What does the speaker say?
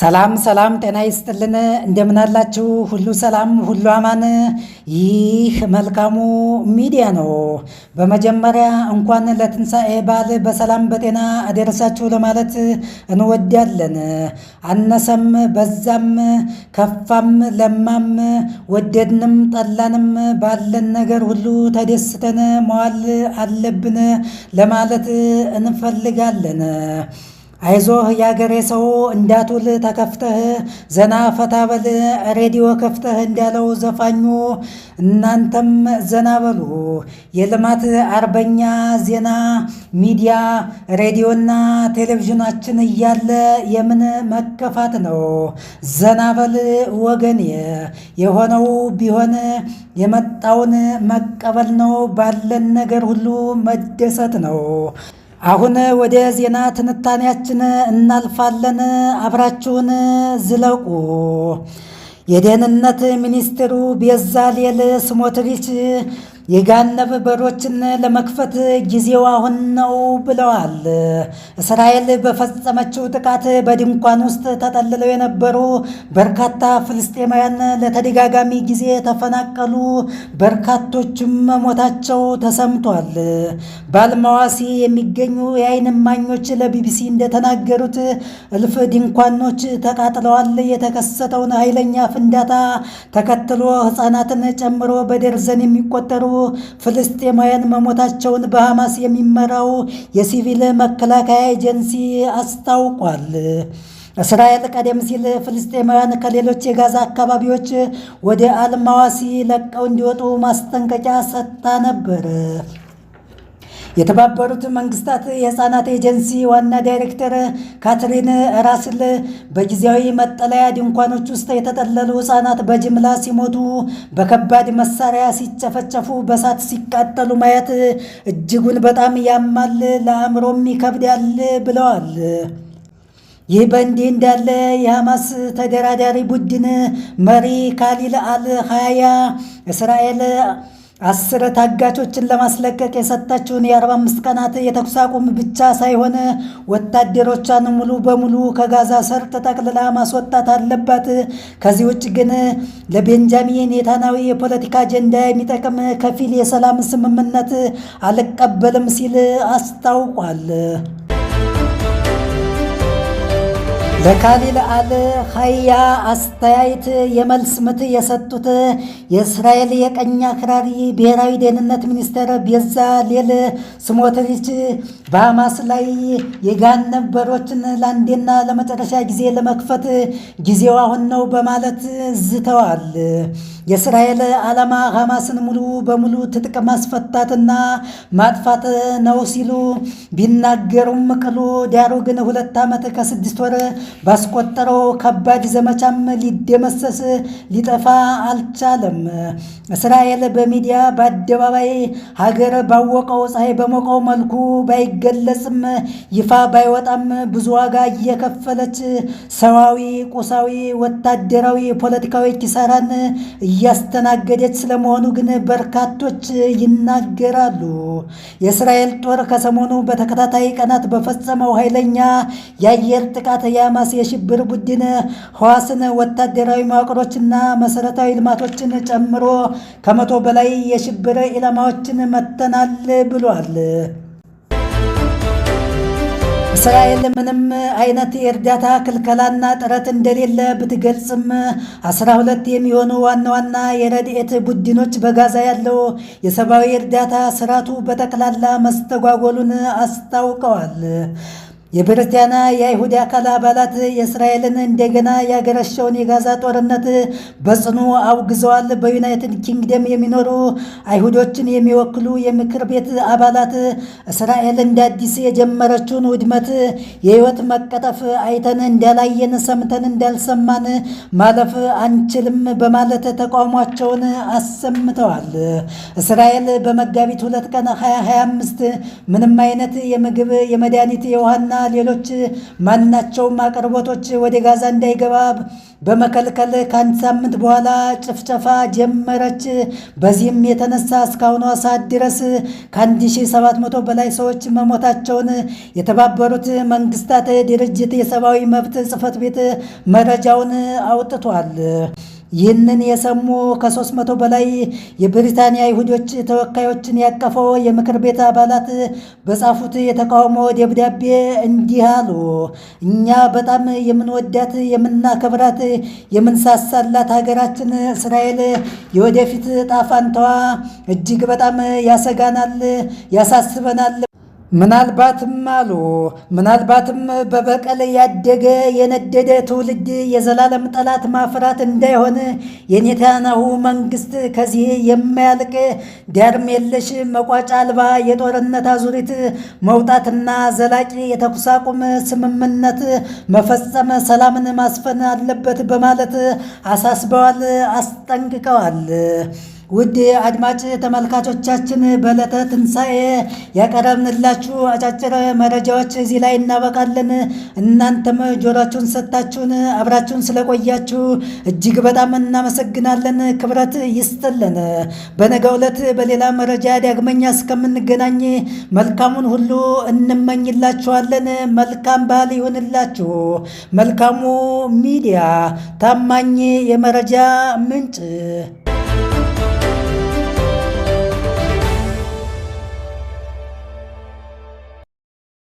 ሰላም ሰላም፣ ጤና ይስጥልን። እንደምናላችሁ ሁሉ ሰላም፣ ሁሉ አማን። ይህ መልካሙ ሚዲያ ነው። በመጀመሪያ እንኳን ለትንሣኤ በዓል በሰላም በጤና አደረሳችሁ ለማለት እንወዳለን። አነሰም በዛም፣ ከፋም ለማም፣ ወደድንም ጠላንም፣ ባለን ነገር ሁሉ ተደስተን መዋል አለብን ለማለት እንፈልጋለን። አይዞህ ያገሬ ሰው እንዳቱል ተከፍተህ ዘና ፈታበል ሬዲዮ ከፍተህ እንዳለው ዘፋኙ እናንተም ዘና በሉ። የልማት አርበኛ ዜና ሚዲያ ሬዲዮና ቴሌቪዥናችን እያለ የምን መከፋት ነው? ዘናበል ወገኔ። የሆነው ቢሆን የመጣውን መቀበል ነው። ባለን ነገር ሁሉ መደሰት ነው። አሁን ወደ ዜና ትንታኔያችን እናልፋለን። አብራችሁን ዝለቁ። የደህንነት ሚኒስትሩ ቤዛሌል ስሞትሪች የገሃነም በሮችን ለመክፈት ጊዜው አሁን ነው ብለዋል። እስራኤል በፈጸመችው ጥቃት በድንኳን ውስጥ ተጠልለው የነበሩ በርካታ ፍልስጤማውያን ለተደጋጋሚ ጊዜ ተፈናቀሉ፣ በርካቶችም መሞታቸው ተሰምቷል። ባልማዋሲ የሚገኙ የአይን እማኞች ለቢቢሲ እንደተናገሩት እልፍ ድንኳኖች ተቃጥለዋል። የተከሰተውን ኃይለኛ ፍንዳታ ተከትሎ ሕፃናትን ጨምሮ በደርዘን የሚቆጠሩ ፍልስጤማውያን መሞታቸውን በሐማስ የሚመራው የሲቪል መከላከያ ኤጀንሲ አስታውቋል። እስራኤል ቀደም ሲል ፍልስጤማውያን ከሌሎች የጋዛ አካባቢዎች ወደ አልማዋሲ ለቀው እንዲወጡ ማስጠንቀቂያ ሰጥታ ነበር። የተባበሩት መንግስታት የህፃናት ኤጀንሲ ዋና ዳይሬክተር ካትሪን ራስል በጊዜያዊ መጠለያ ድንኳኖች ውስጥ የተጠለሉ ህፃናት በጅምላ ሲሞቱ፣ በከባድ መሳሪያ ሲጨፈጨፉ፣ በእሳት ሲቃጠሉ ማየት እጅጉን በጣም ያማል፣ ለአእምሮም ይከብዳል ብለዋል። ይህ በእንዲህ እንዳለ የሐማስ ተደራዳሪ ቡድን መሪ ካሊል አል ሀያ እስራኤል አስር ታጋቾችን ለማስለቀቅ የሰጠችውን የ45 ቀናት የተኩስ አቁም ብቻ ሳይሆን ወታደሮቿን ሙሉ በሙሉ ከጋዛ ሰርጥ ጠቅልላ ማስወጣት አለባት። ከዚህ ውጭ ግን ለቤንጃሚን ኔታናዊ የፖለቲካ አጀንዳ የሚጠቅም ከፊል የሰላም ስምምነት አልቀበልም ሲል አስታውቋል። በካሊል አል ሀያ አስተያየት የመልስ ምት የሰጡት የእስራኤል የቀኝ አክራሪ ብሔራዊ ደህንነት ሚኒስቴር ቤዛሌል ስሞትሪች በሐማስ ላይ የገሃነም በሮችን ለአንዴና ለመጨረሻ ጊዜ ለመክፈት ጊዜው አሁን ነው በማለት ዝተዋል። የእስራኤል ዓላማ ሐማስን ሙሉ በሙሉ ትጥቅ ማስፈታትና ማጥፋት ነው ሲሉ ቢናገሩም ቅሉ ዳሩ ግን ሁለት ዓመት ከስድስት ወር ባስቆጠረው ከባድ ዘመቻም ሊደመሰስ ሊጠፋ አልቻለም። እስራኤል በሚዲያ በአደባባይ ሀገር ባወቀው ፀሐይ በሞቀው መልኩ ባይገለጽም ይፋ ባይወጣም ብዙ ዋጋ እየከፈለች ሰዋዊ፣ ቁሳዊ፣ ወታደራዊ፣ ፖለቲካዊ ኪሳራን እያስተናገደች ስለመሆኑ ግን በርካቶች ይናገራሉ። የእስራኤል ጦር ከሰሞኑ በተከታታይ ቀናት በፈጸመው ኃይለኛ የአየር ጥቃት ያማ ሐማስ የሽብር ቡድን ህዋስን ወታደራዊ መዋቅሮችና መሰረታዊ ልማቶችን ጨምሮ ከመቶ በላይ የሽብር ኢላማዎችን መተናል ብሏል። እስራኤል ምንም አይነት የእርዳታ ክልከላና ጥረት እንደሌለ ብትገልጽም አስራ ሁለት የሚሆኑ ዋና ዋና የረድኤት ቡድኖች በጋዛ ያለው የሰብአዊ እርዳታ ስርዓቱ በጠቅላላ መስተጓጎሉን አስታውቀዋል። የብሪታንያ የአይሁድ አካል አባላት የእስራኤልን እንደገና ያገረሸውን የጋዛ ጦርነት በጽኑ አውግዘዋል። በዩናይትድ ኪንግደም የሚኖሩ አይሁዶችን የሚወክሉ የምክር ቤት አባላት እስራኤል እንደ አዲስ የጀመረችውን ውድመት፣ የሕይወት መቀጠፍ አይተን እንዳላየን ሰምተን እንዳልሰማን ማለፍ አንችልም በማለት ተቃውሟቸውን አሰምተዋል። እስራኤል በመጋቢት ሁለት ቀን 2025 ምንም አይነት የምግብ የመድኃኒት የውሃና ሌሎች ማናቸውም አቅርቦቶች ወደ ጋዛ እንዳይገባ በመከልከል ከአንድ ሳምንት በኋላ ጭፍጨፋ ጀመረች። በዚህም የተነሳ እስካሁኗ ሰዓት ድረስ ከ1700 በላይ ሰዎች መሞታቸውን የተባበሩት መንግስታት ድርጅት የሰብአዊ መብት ጽፈት ቤት መረጃውን አውጥቷል። ይህንን የሰሙ ከሦስት መቶ በላይ የብሪታንያ ይሁዶች ተወካዮችን ያቀፈው የምክር ቤት አባላት በጻፉት የተቃውሞ ደብዳቤ እንዲህ አሉ። እኛ በጣም የምንወዳት የምናከብራት፣ የምንሳሳላት ሀገራችን እስራኤል የወደፊት ጣፋንተዋ እጅግ በጣም ያሰጋናል፣ ያሳስበናል። ምናልባትም አሉ ምናልባትም በበቀል ያደገ የነደደ ትውልድ የዘላለም ጠላት ማፍራት እንዳይሆን የኔታንያሁ መንግስት ከዚህ የማያልቅ ዳርም የለሽ መቋጫ አልባ የጦርነት አዙሪት መውጣትና ዘላቂ የተኩስ አቁም ስምምነት መፈጸም፣ ሰላምን ማስፈን አለበት በማለት አሳስበዋል፣ አስጠንቅቀዋል። ውድ አድማጭ ተመልካቾቻችን በዕለተ ትንሣኤ ያቀረብንላችሁ አጫጭር መረጃዎች እዚህ ላይ እናበቃለን። እናንተም ጆሮችሁን ሰጥታችሁን አብራችሁን ስለቆያችሁ እጅግ በጣም እናመሰግናለን። ክብረት ይስጥልን። በነገው ዕለት በሌላ መረጃ ዳግመኛ እስከምንገናኝ መልካሙን ሁሉ እንመኝላችኋለን። መልካም ባህል ይሆንላችሁ። መልካሙ ሚዲያ ታማኝ የመረጃ ምንጭ